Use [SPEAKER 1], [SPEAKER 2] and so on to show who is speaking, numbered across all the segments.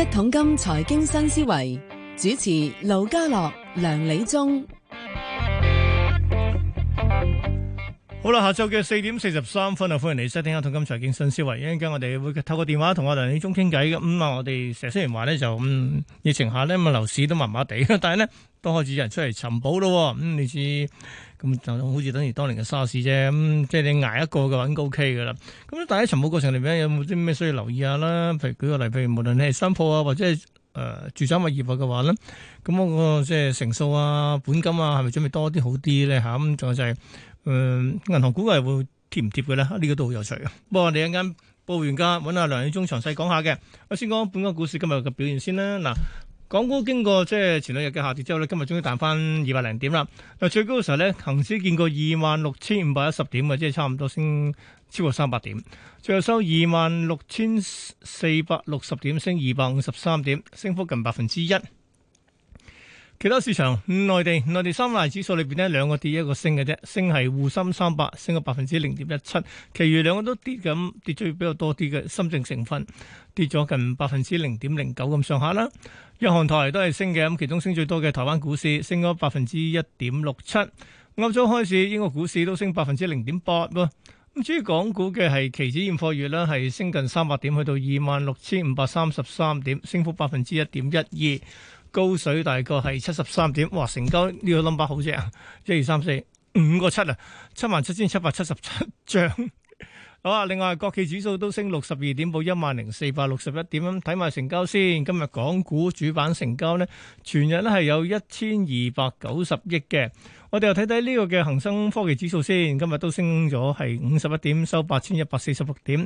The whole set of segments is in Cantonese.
[SPEAKER 1] 一桶金財經新思維主持：盧家樂、
[SPEAKER 2] 梁理中。
[SPEAKER 1] 好啦，下晝嘅四點四十三分啊，歡迎你收聽《我同金財經新思維》，一陣間我哋會透過電話同我哋梁理中傾偈嘅。咁啊，我哋成日雖然話咧就嗯疫情下咧，咁啊樓市都麻麻地，但係咧都開始有人出嚟尋寶咯。咁、嗯、你知咁就好似等於當年嘅沙士啫。咁即係你挨一個嘅話 OK 噶啦。咁但喺尋寶過程裏面，有冇啲咩需要留意下啦？譬如舉個例，譬如無論你係新鋪啊，或者係誒、呃、住宅物業嘅話咧，咁我個即係成數啊、本金啊，係咪準備多啲好啲咧？吓咁，仲有就係、是。誒、嗯，銀行股係會貼唔貼嘅咧？呢、呢個都好有趣嘅。不過，我哋一陣間報完價，搵阿梁理中詳細講下嘅。我先講本港股市今日嘅表現先啦。嗱，港股經過即係前兩日嘅下跌之後咧，今日終於彈翻二百零點啦。嗱，最高嘅時候咧，恒指見過二萬六千五百一十點啊，即係差唔多升超過三百點。最後收二萬六千四百六十點，升二百五十三點，升幅近百分之一。其他市場，內地內地三大指數裏邊咧，兩個跌一個升嘅啫，升係滬深三百升咗百分之零點一七，其餘兩個都跌咁，跌咗比較多啲嘅，深圳成分跌咗近百分之零點零九咁上下啦。日韓台都係升嘅，咁其中升最多嘅台灣股市升咗百分之一點六七，歐洲開始，英國股市都升百分之零點八喎。咁至於港股嘅，係期指現貨月呢係升近三百點，去到二萬六千五百三十三點，升幅百分之一點一二。高水大概係七十三點，哇！成交呢個 number 好正，一二三四五個七啊，七萬七千七百七十七張。好啊！另外，國企指數都升六十二點，到一萬零四百六十一點。咁睇埋成交先，今日港股主板成交咧，全日咧係有一千二百九十億嘅。我哋又睇睇呢個嘅恒生科技指數先，今日都升咗係五十一點，收八千一百四十六點。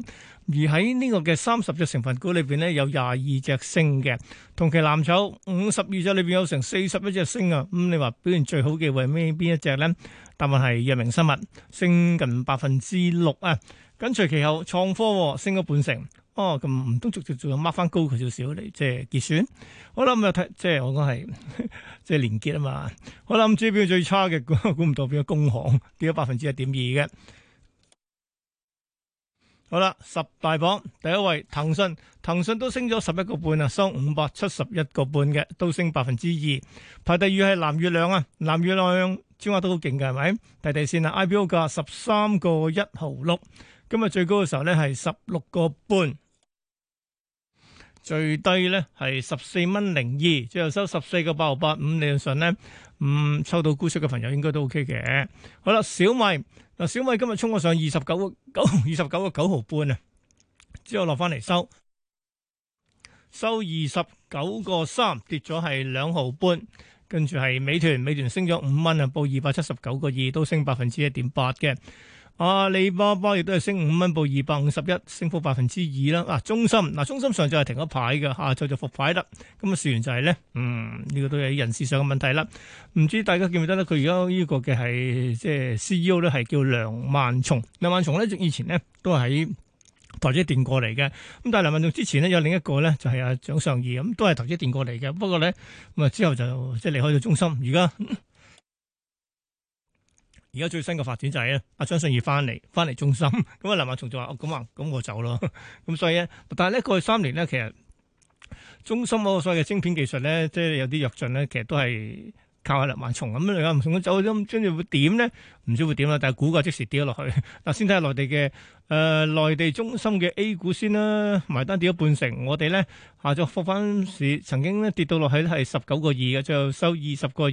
[SPEAKER 1] 而喺呢個嘅三十隻成分股裏邊咧，有廿二隻升嘅。同期藍籌五十二隻裏邊有成四十一隻升啊！咁你話表現最好嘅為咩？邊一隻咧？答案係藥明生物，升近百分之六啊！跟隨其後，創科、哦、升咗半成，哦，咁唔都逐逐做，mark 翻高佢少少嚟，即係結算。好啦，咁又睇，即係我講係即係連結啊嘛。好啦，咁最邊最差嘅估唔到表公，表工行跌咗百分之一點二嘅。好啦，十大榜第一位騰訊，騰訊都升咗十一個半啊，收五百七十一個半嘅，都升百分之二。排第，第二係藍月亮啊，藍月亮超話都好勁㗎係咪？睇睇先啦 i b o 價十三個一毫六。今日最高嘅時候咧係十六個半，最低咧係十四蚊零二，最後收十四個八毫八。咁理論上咧，嗯，抽到股息嘅朋友應該都 OK 嘅。好啦，小米，嗱，小米今日沖咗上二十九個九，二十九個九毫半啊，之後落翻嚟收，收二十九個三，跌咗係兩毫半。跟住係美團，美團升咗五蚊啊，報二百七十九個二，都升百分之一點八嘅。阿里巴巴亦都係升五蚊，報二百五十一，升幅百分之二啦。啊，中芯嗱，啊，中芯上晝係停咗牌嘅，下晝就復牌得。咁啊，事完就係咧，嗯，呢、這個都係人事上嘅問題啦。唔知大家記唔記得咧？佢而家呢個嘅係即係 C E O 咧，係叫梁孟松。梁孟松咧，以前呢都喺台積電過嚟嘅。咁但係梁孟松之前呢，有另一個咧就係阿蔣尚義咁，都係台積電過嚟嘅。不過咧咁啊之後就即係、就是、離開咗中芯，而家。而家最新嘅發展就係咧，阿蔣尚義翻嚟，翻嚟中心。咁啊，梁孟松就話：哦，咁啊，咁我走咯。咁所以咧，但係咧過去三年咧，其實中心嗰個所謂嘅晶片技術咧，即係有啲躍進咧，其實都係靠下梁孟松咁樣。梁孟松走咗，跟住會點咧？唔知會點啦。但係股價即時跌咗落去。嗱，先睇下內地嘅誒內地中心嘅 A 股先啦，埋單跌咗半成。我哋咧下晝復翻市，曾經咧跌到落去係十九個二嘅，最後收二十個二，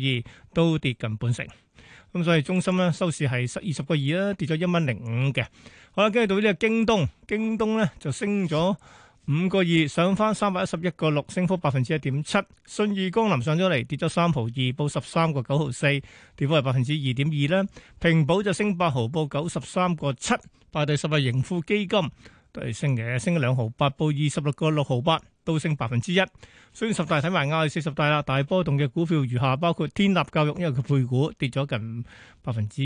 [SPEAKER 1] 都跌近半成。咁所以中心咧收市係十二十個二啦，跌咗一蚊零五嘅。好啦，跟住到呢個京東，京東咧就升咗五個二，上翻三百一十一個六，升幅百分之一點七。信義光能上咗嚟，跌咗三毫二，報十三個九毫四，跌幅係百分之二點二啦。平保就升八毫報，報九十三個七，排第十日盈富基金，都係升嘅，升咗兩毫八，報二十六個六毫八，都升百分之一。所以十大睇埋亞係四十大啦，大波動嘅股票如下，包括天立教育，因為佢配股跌咗近百分之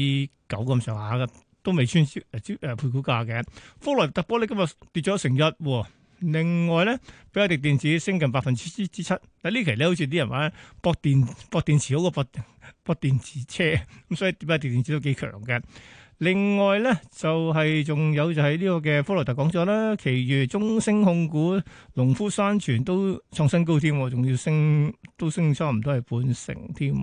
[SPEAKER 1] 九咁上下嘅，都未穿穿誒配股價嘅。福萊特玻璃今日跌咗成日，另外咧，比亞迪電子升近百分之之七。嗱，呢期咧好似啲人話搏電搏電池好過搏搏電池車，咁所以比亞迪電子都幾強嘅。另外咧，就係、是、仲有就係呢、這個嘅科羅特講咗啦。其餘中升控股、農夫山泉都創新高添，仲要升都升差唔多，係半成添。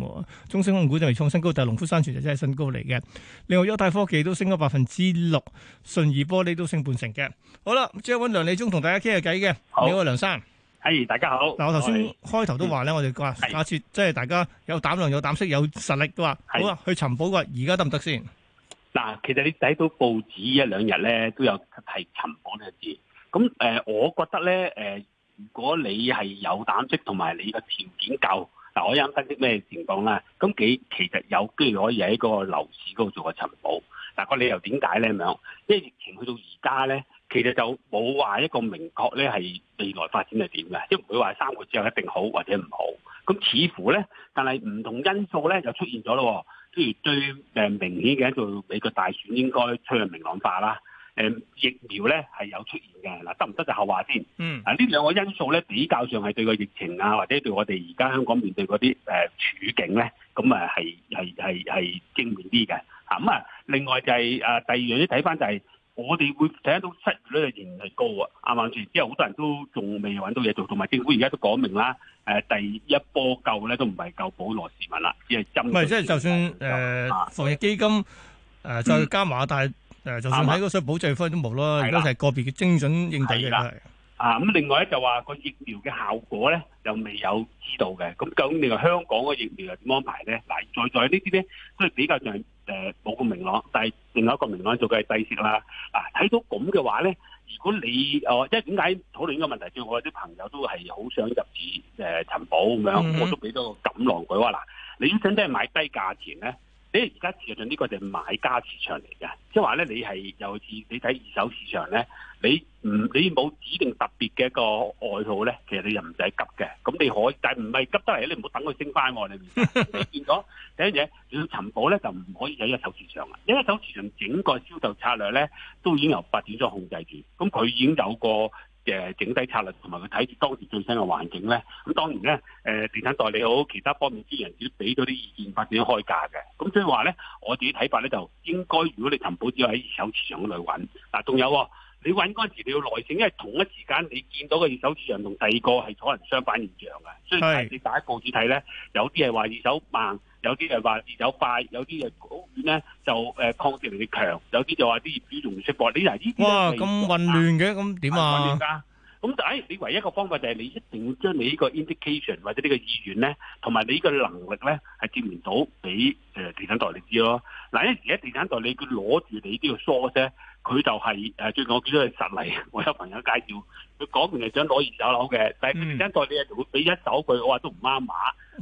[SPEAKER 1] 中升控股就未創新高，但係農夫山泉就真係新高嚟嘅。另外，優泰科技都升咗百分之六，順義玻璃都升半成嘅。好啦，即係搵梁理中同大家傾下偈嘅。你好，梁生。大家好。嗱，我頭先開頭都話咧，我哋下假設即係大家有膽量、有膽識、有實力都話，好啊，去尋寶嘅，而家得唔得先？
[SPEAKER 2] 嗱，其實你睇到報紙一兩日咧，都有提尋寶呢個字。咁誒，我覺得咧，誒，如果你係有膽識同埋你個條件夠，嗱，我分析啲咩情況呢？咁其實有機會可以喺個樓市嗰度做個尋寶。嗱、那，個理由點解咧？咁樣，因為疫情去到而家咧，其實就冇話一個明確咧係未來發展係點嘅，即係唔會話三個之後一定好或者唔好。咁似乎咧，但係唔同因素咧就出現咗咯。譬如最誒明顯嘅一個美國大選應該趨向明朗化啦，誒疫苗咧係有出現嘅，嗱得唔得就後話先。嗯，啊呢兩個因素咧比較上係對個疫情啊，或者對我哋而家香港面對嗰啲誒處境咧，咁啊係係係係正面啲嘅。嚇咁啊，另外就係、是、啊第二樣嘢睇翻就係、是。我哋會睇得到失業率仍然係高啊，啱唔啱先？之後好多人都仲未揾到嘢做，同埋政府而家都講明啦。誒，第一波救咧都唔係救普羅市民啦，只係針對。唔係，即係就
[SPEAKER 1] 算誒防疫基金誒再加碼，但係誒就算喺嗰箱補濟費都冇咯，而家就係個別嘅精準應對啦。
[SPEAKER 2] 啊，咁另外咧就話個疫苗嘅效果咧又未有知道嘅。咁究竟你話香港嘅疫苗又點安排咧？嗱，在在呢啲咧都係比較上。誒冇咁明朗，但係另一個明朗做嘅係低息啦。啊，睇到咁嘅話咧，如果你、啊、即係點解討論呢個問題？即我啲朋友都係好想入市誒、呃、尋寶咁樣，mm -hmm. 我都俾到錦囊佢話嗱，你想唔想買低價錢咧？你而家事實上呢個就係買家市場嚟嘅，即係話咧，你係由二你睇二手市場咧，你唔你冇指定特別嘅一個外號咧，其實你又唔使急嘅，咁你可，但係唔係急得嚟你唔好等佢升翻喎，你見咗、啊、 第一樣嘢，你要尋寶咧就唔可以喺一手市場啊，因為一手市場整個銷售策略咧都已經由發展商控制住，咁佢已經有個。嘅整體策略同埋佢睇住當時最新嘅環境咧，咁當然咧，誒地產代理好，其他方面啲人亦都俾到啲意見，發展開價嘅。咁所以話咧，我自己睇法咧、就是，就應該如果你尋寶，只要喺二手市場嗰度揾。嗱，仲有你揾嗰陣時，你要耐性，因為同一時間你見到嘅二手市場同第二個係可能相反現象嘅。所以你打報紙睇咧，有啲係話二手慢，有啲係話二手快，有啲嘢。咧、嗯、就誒抗性嚟嘅強，有啲就話啲業主仲唔識搏，你嗱呢啲哇咁
[SPEAKER 1] 混亂嘅，咁點啊？
[SPEAKER 2] 咁但係你唯一,一個方法就係、是、你一定要將你呢個 indication 或者呢個意願咧，同埋你呢個能力咧係證明到俾誒地產代理知咯。嗱、啊，因為而家地產代理佢攞住你呢個 source，佢就係、是、誒最近我見到嘅實例，我有朋友介紹。佢講完就想攞二手樓嘅，但係佢聽代理呀，佢會俾一手佢，我話都唔啱碼。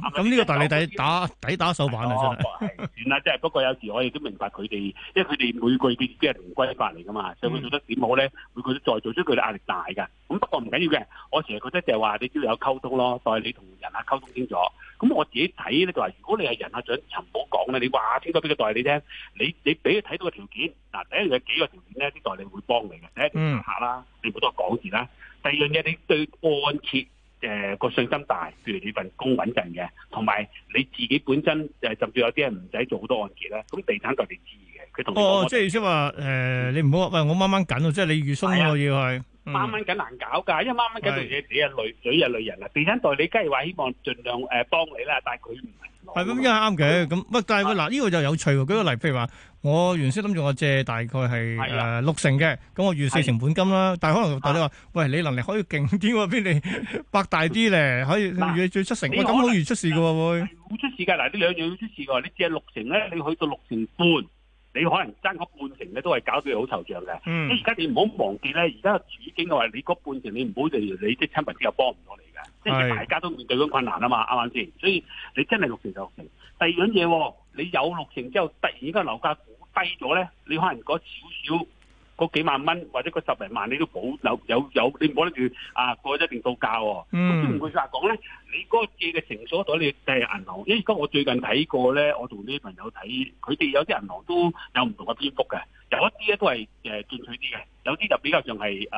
[SPEAKER 2] 咁、嗯、呢、啊、個代理抵
[SPEAKER 1] 打抵打手板啊！真係。
[SPEAKER 2] 算啦，即係不過有時我哋都明白佢哋，因為佢哋每個月只係同規法嚟噶嘛，所以佢做得點好咧？每個都再做出佢哋壓力大噶。咁不過唔緊要嘅，我成日覺得就係話你只要有溝通咯，代理同人啊溝通清楚。咁、嗯、我自己睇咧，就係如果你係人客長，尋寶講咧。你話清楚俾個代理你聽，你你俾佢睇到嘅條件，嗱第一樣嘢有幾個條件咧，啲代理會幫你嘅。第一，客啦，你好多講字啦。第二樣嘢，你對按揭誒個信心大，譬如你份工穩陣嘅，同埋你自己本身就係甚至有啲人唔使做好多按揭啦。咁地產代理知嘅，佢同我哦，即係
[SPEAKER 1] 意思話誒，你唔好話喂，我掹掹緊啊，即係你預鬆我要。
[SPEAKER 2] 孖蚊咁難搞噶，因為孖蚊咁樣嘢，你係累，你係累人啊！地產代理，梗係話希望盡量誒幫你啦，
[SPEAKER 1] 但係佢唔係。係咁，依家啱嘅咁，乜？但係嗱，呢個就有趣。舉個例，譬如話，我原先諗住我借大概係誒六成嘅，咁我預四成本金啦。但係可能代理話，喂，你能力可以勁啲喎，俾你百大啲咧？可以預你最七成。我咁好易出事嘅喎，會。
[SPEAKER 2] 會出事噶。嗱，你兩樣會出事噶。你借六成咧，你要去到六成半。你可能爭個半成，咧，都係搞到你好惆悵嘅。即而家你唔好忘記咧，而家主境嘅話你嗰半成，你唔好就你啲親密之又幫唔到你嘅。即大家都面對緊困難啊嘛，啱唔啱先？所以你真係六成就六成。第二樣嘢，你有六成之後，突然間樓價跌低咗咧，你可能嗰少少。嗰幾萬蚊或者個十零萬，你都保有有有，你唔好諗住啊過咗一定到價喎、哦。咁唔會話講咧，你嗰借嘅成數喺度，你誒銀行，因為如果我最近睇過咧，我同啲朋友睇，佢哋有啲銀行都有唔同嘅波幅嘅，有一啲咧都係誒、呃、進取啲嘅，有啲就比較上係誒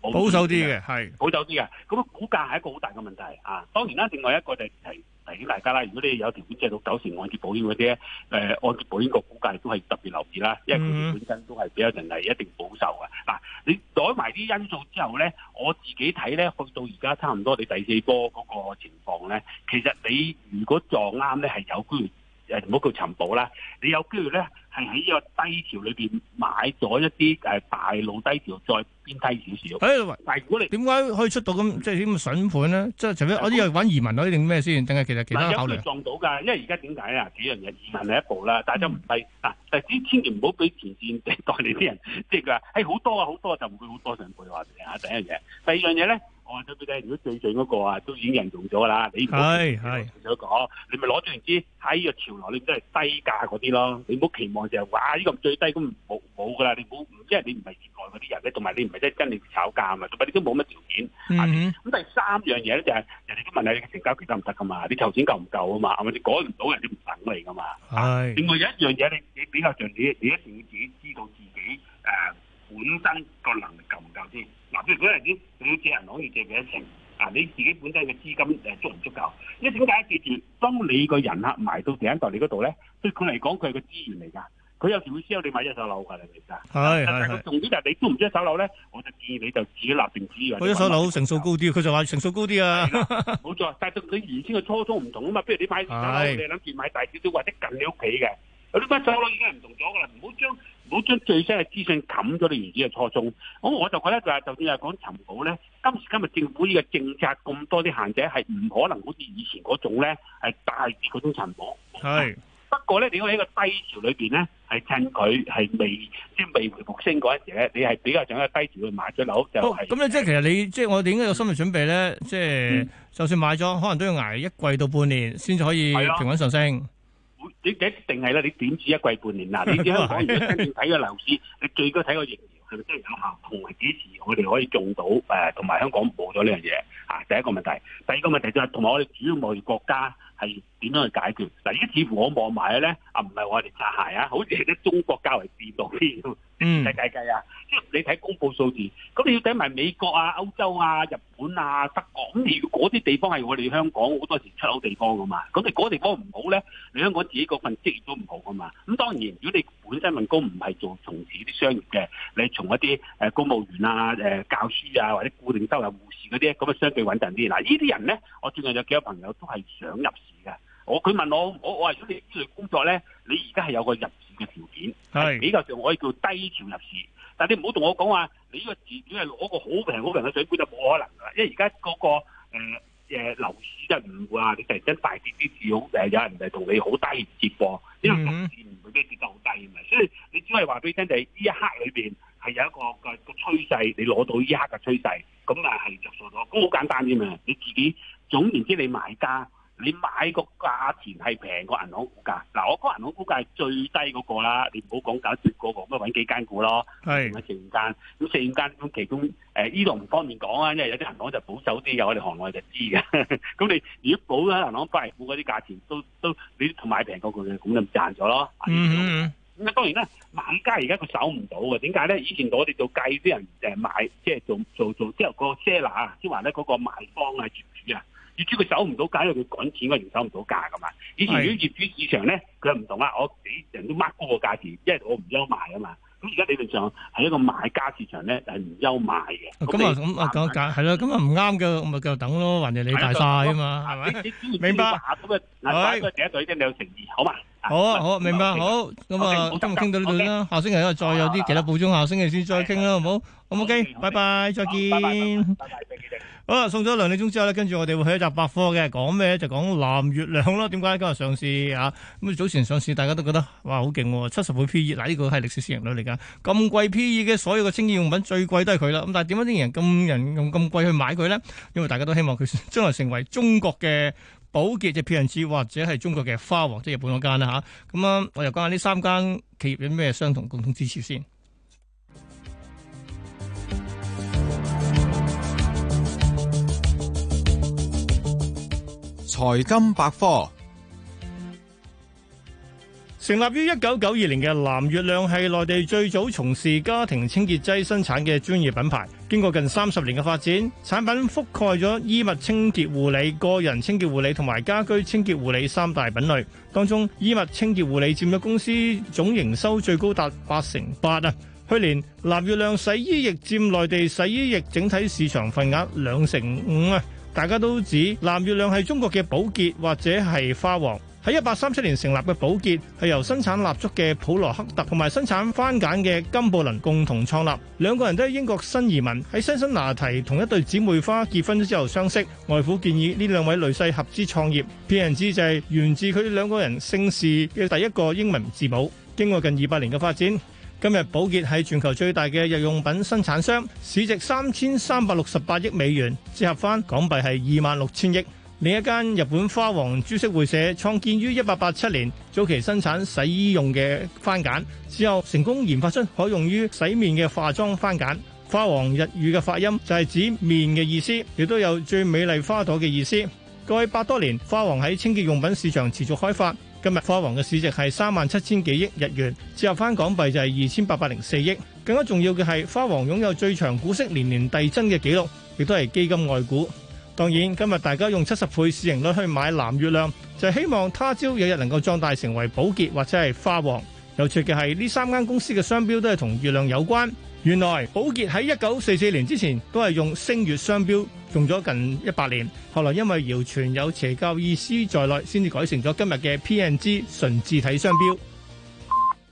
[SPEAKER 2] 保守啲嘅，係保守啲嘅。咁啊，股價係一個好大嘅問題啊。當然啦，另外一個就係、是。提醒大家啦，如果你有條件借到九成按揭保險嗰啲，誒按揭保險局估計都係特別留意啦，因為佢哋本身都係比較人係一定保守嘅。嗱，你攞埋啲因素之後咧，我自己睇咧，去到而家差唔多你第四波嗰個情況咧，其實你如果撞啱咧係有機會。誒唔好叫尋寶啦，你有機會咧係喺呢個低潮裏邊買咗一啲誒大路低潮，再偏低少少。誒、哎，但係如
[SPEAKER 1] 果你點解可以出到咁，即係點樣筍盤咧？即係除非我啲又揾移民嗰啲定咩先？定係其實其他考慮。嗯、撞
[SPEAKER 2] 到㗎，因為而家點解啊、就是哎。幾樣嘢移民第一步啦，但係都唔低。嗱，但係啲千祈唔好俾前線即係代理啲人，即係佢話誒好多啊，好多就唔會好多上倍話嘅嚇。第一樣嘢，第二樣嘢咧。我睇睇，如果最上嗰個啊，都已經人紅咗啦。你講最上嗰個，你咪攞住唔知喺個潮流，你都係低價嗰啲咯。你唔好期望就係哇，呢個最低咁冇冇噶啦。你唔好即係你唔係熱愛嗰啲人咧，同埋你唔係真係跟你炒價嘛。同埋你都冇乜條件。
[SPEAKER 1] 咁
[SPEAKER 2] 第三樣嘢咧就係人哋都問你你嘅成交期得唔得噶嘛？你頭錢夠唔夠啊嘛？係咪你趕唔到人哋唔等你噶嘛？另外有一樣嘢你你比較像你你一定要自己知道自己誒。本身個能力夠唔夠先？嗱，譬如舉例你借人可以借畀一成，啊，你自己本身嘅資金誒足唔足夠？因為點解？件事當你個人客埋到第一代你嗰度咧，對佢嚟講，佢係個資源嚟噶。佢有時會需要你買一手樓㗎啦，其實係
[SPEAKER 1] 係。重
[SPEAKER 2] 點就係你鍾唔鍾意一手樓咧？我就建議你就自己立定資源。佢一手樓
[SPEAKER 1] 成數高啲，佢就話成數高啲
[SPEAKER 2] 啊。冇錯，但係佢原先嘅初衷唔同啊嘛。不如你買一手樓，是是你諗住買大少少或者近你屋企嘅。嗰啲一手樓已經係唔同咗㗎啦，唔好將。好將最新嘅資訊冚咗你原先嘅初衷，咁我就覺得就係就算係講尋寶咧，今時今日政府呢個政策咁多啲限制，係唔可能好似以前嗰種咧係大跌嗰種尋寶。係。不過咧，你喺一個低潮裏邊咧，係趁佢係未即係未回復升嗰陣時咧，你係比較想喺低潮去買咗樓
[SPEAKER 1] 就咁樣，即係其實你即係我點解有心理準備咧？即、就、係、是嗯、就算買咗，可能都要挨一季到半年先至可以平穩上升。
[SPEAKER 2] 你一定係啦，你點止一季半年嗱，你只香港如果真正睇個樓市，你最高睇個疫情。係咪真係有效同埋幾時我哋可以做到？誒、呃，同埋香港冇咗呢樣嘢啊！第一個問題，第二個問題就係同埋我哋主要貿易國家係。點樣去解決嗱？而家似乎我望埋咧，啊，唔係我哋擦鞋啊，好似係啲中國較為嚴重啲。嗯，計計計啊！即係你睇公佈數字，咁你要睇埋美國啊、歐洲啊、日本啊、德國咁。如果嗰啲地方係我哋香港好多時出口地方噶嘛，咁你嗰地方唔好咧，你香港自己嗰份職業都唔好噶嘛。咁當然，如果你本身份工唔係做從事啲商業嘅，你從一啲誒公務員啊、誒教書啊或者固定收入護士嗰啲，咁啊相對穩陣啲。嗱，呢啲人咧，我最近有幾個朋友都係想入。我佢問我，我我話如果你呢類工作咧，你而家係有個入市嘅條件，係比較上可以叫低潮入市。但係你唔好同我講話、啊，你呢個市已經係攞個好平好平嘅水杯就冇可能噶啦。因為而家嗰個誒誒樓市就唔會話，你突然間大跌啲市，好誒有人就同你好低接貨，因為市唔會咩跌得好低㗎嘛。所以你只係話俾你聽，就係、是、呢一刻裏邊係有一個一個個趨勢，你攞到呢一刻嘅趨勢，咁啊係着數咗。咁好簡單啫嘛，你自己總言之，你買家。你買個價錢係平過銀行股價，嗱，我個銀行股價係最低嗰個啦。你唔好講搞絕嗰個，咁咪揾幾間股咯，係四五間。咁四五間咁其中呢度唔方便講啊，因為有啲銀行就保守啲嘅，我哋行內就知嘅。咁你如果保咗銀行不係股嗰啲價錢都都你同買平嗰個咧，咁就賺咗咯。嗯，咁啊當然啦，萬家而家佢守唔到嘅，點解咧？以前我哋做計啲人誒買，即係做做做，之後、即係、個 seller 啊，即係話咧嗰個賣方啊，業主啊。業主佢走唔到價，因為佢趕錢，佢自然走唔到價噶嘛。以前如果業主市場咧，佢係唔同啦，我啲人都 mark 高個價錢，因為我唔憂賣啊嘛。咁而家理論上係一個買家市場咧，係唔憂賣嘅。咁啊咁啊講價
[SPEAKER 1] 係咯，咁啊唔啱嘅，咪就等咯，還係你大晒啊嘛，
[SPEAKER 2] 係咪？明白。明白。好。
[SPEAKER 1] 好啊，啊好啊明白，okay、好咁啊，okay, 今日傾到這裏呢度啦，okay，下星期一再有啲其他補充，下星期先再傾啦，okay, 好唔好？好唔好？拜拜，再見。Okay, bye bye, bye bye, bye bye, bye bye, 好啊，送咗梁理中之後咧，跟住我哋會去一集百科嘅，講咩就講藍月亮咯。點解今日上市啊？咁、嗯、早前上市，大家都覺得哇好勁，七十、啊、倍 P E，嗱呢，這個係歷史市盈率嚟噶，咁貴 P E 嘅所有嘅清潔用品最貴都係佢啦。咁但係點解啲人咁人用咁貴去買佢咧？因為大家都希望佢將來成為中國嘅。寶潔、P&G 或者係中國嘅花王，即係日本嗰間啦吓。咁啊，我又講下呢三間企業有咩相同、共通之處先。財金百科。成立於一九九二年嘅藍月亮係內地最早從事家庭清潔劑生產嘅專業品牌。經過近三十年嘅發展，產品覆蓋咗衣物清潔護理、個人清潔護理同埋家居清潔護理三大品類。當中衣物清潔護理佔咗公司總營收最高達八成八啊！去年藍月亮洗衣液佔內地洗衣液整體市場份額兩成五啊！大家都指藍月亮係中國嘅寶潔或者係花王。喺一八三七年成立嘅寶潔，係由生產蠟燭嘅普羅克特同埋生產番梘嘅金布倫共同創立。兩個人都係英國新移民，喺辛辛拿提同一對姊妹花結婚之後相識。外父建議呢兩位女婿合資創業。P&G 就係源自佢哋兩個人姓氏嘅第一個英文字母。經過近二百年嘅發展，今日寶潔係全球最大嘅日用品生產商，市值三千三百六十八億美元，折合翻港幣係二萬六千億。另一間日本花王株式會社創建於1887年，早期生產洗衣用嘅番梘，之後成功研發出可用於洗面嘅化妝番梘。花王日語嘅發音就係指面嘅意思，亦都有最美麗花朵嘅意思。過去百多年，花王喺清潔用品市場持續開發。今日花王嘅市值係三萬七千幾億日元，折合返港幣就係二千八百零四億。更加重要嘅係，花王擁有最長股息年年遞增嘅記錄，亦都係基金外股。當然，今日大家用七十倍市盈率去買藍月亮，就係希望他朝有日能夠壯大成為寶潔或者係花王。有趣嘅係，呢三間公司嘅商標都係同月亮有關。原來寶潔喺一九四四年之前都係用星月商標，用咗近一百年。後來因為謠傳有邪教意思在內，先至改成咗今日嘅 P&G 純字體商標。